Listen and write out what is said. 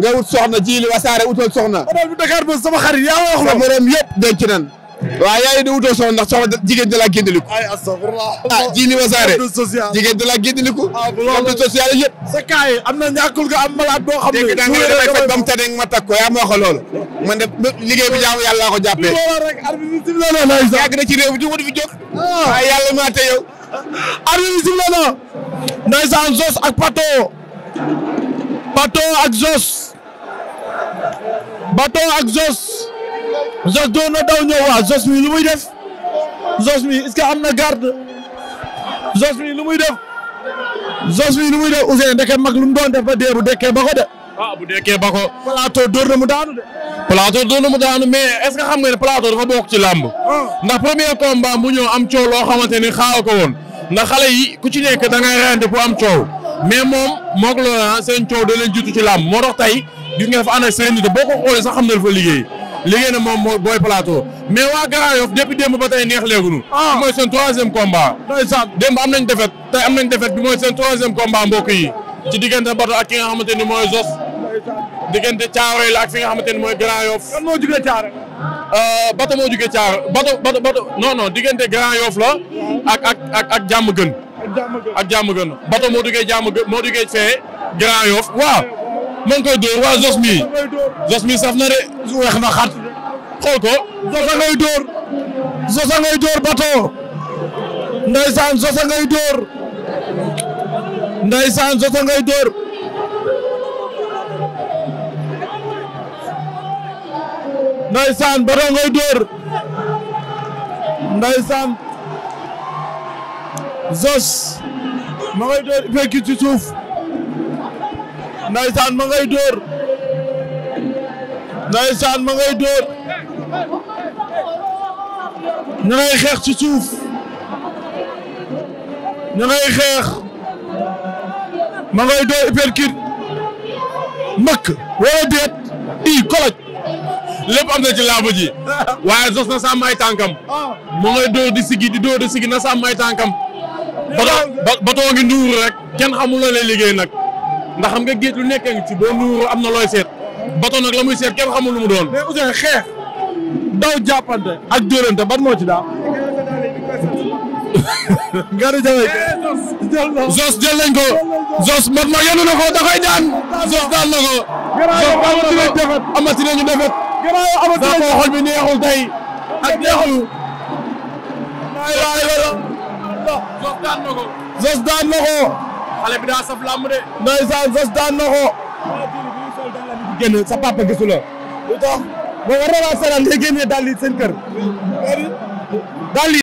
nga wut soxna jiili wasaare utal soxna hôtel bu Dakar nan waaw yaa ngi di utoo soxna ndax soxna jigéen da laa géndiliku ay astafurlah ah, jigéen da laa géndiliku am na social yëpp am na ñàkkul nga am malade boo xam ne dégg naa nga damay faj ba mu tane ma takk ko yaa ma wax loolu man de liggéey bi jaamu yàlla laa ko jàppee yàgg na ci réew bi du ma fi jóg ah. waaye yàlla maa te yow arbitre bi sifflé Bato ak Zos Bato ak Zos Zos doon na daw ñëw waa Zos mi lu muy def Zos mi est am na garde Zos mi lu muy def Zos mi lu muy def Ousseyn ndeke lu mu doon def ba dee dekkee ba ko de. waaw ah, bu dekkee ba ko. Plateau dóor na mu daanu de. Plateau dóor na mu daanu mais est-ce que xam nga ne Plateau dafa bokk ci làmb. Ah. ndax premier combat bu ñëw am coow loo xamante ni xaaw ko woon ndax xale yi ku ci nekk da ngay rente pour am coow. mais moom moog Laurent ah, seen coow da leen jiitu ci làmb moo tax tey gis nga dafa ànd ak sérénité boo ko xoolee sax xam na dafa liggéey liggéey na moom mooy Boy Plateau mais waa Grand Yoff depuis démb ba tey neex léegunu ah mooy seen troisième combat. ndeysaan démb am nañ defet tey am nañ defet bi mooy seen troisième combat mbokk yi ci diggante Bato ak nga xamante ni mooy Zos diggante Caaroy la ak fi nga xamante ni mooy Grand Yoff. kan moo jugee Caaroy. Euh, Bato moo jugee Caaroy Bato Bato Bato non non diggante Grand Yoff la ak ak ak ak jàmm gën. ak jàmm gën bato moo duggee jàmm gën moo duggee fee Grand Yoff waaw ma koy dóor waaw Zos mii Zos mii saf na de weex na xat xool ko Zosa ngay dóor Zosa ngay dóor bato ndeysaan Zosa ngay dóor ngay dóor ndeysaan bato ngay dóor ndeysaan Zoss ma ngay dóor fekki ci suuf ndaysaan ma ngay dóor ndaysaan ma ngay dóor ñu ngay xeex ci suuf ñu ngay xeex ma ngay dóor uppercut mbëkk wala déet i koloj lépp am na ci làmb ji waaye Zoss na sàmm ay tànkam ah. ma ngay dóor di sigi di dóor di sigi na sàmm ay tànkam ba bato ngi nuuru rek kenn xamul loo lay liggéey nag ndax xam nga géej lu nekkee ci boo nuuru am na looy seet bato nag la muy seet kenn xamul lu mu doon. mais Ouzin xeex daw jàppante ak dóorante ban moo ci daa. nga di jëlee eh, Zoss nañ ko Zoss mat ma yenu na ko da koy daan Zoss daan na ko. amati nañu defet amati nañu defet xol bi neexul tey ak neexul. Zoss daan na ko. Zoss daan na ko. sa la. lu tax. boo war na laa seetaan ngay génnee daal seen kër.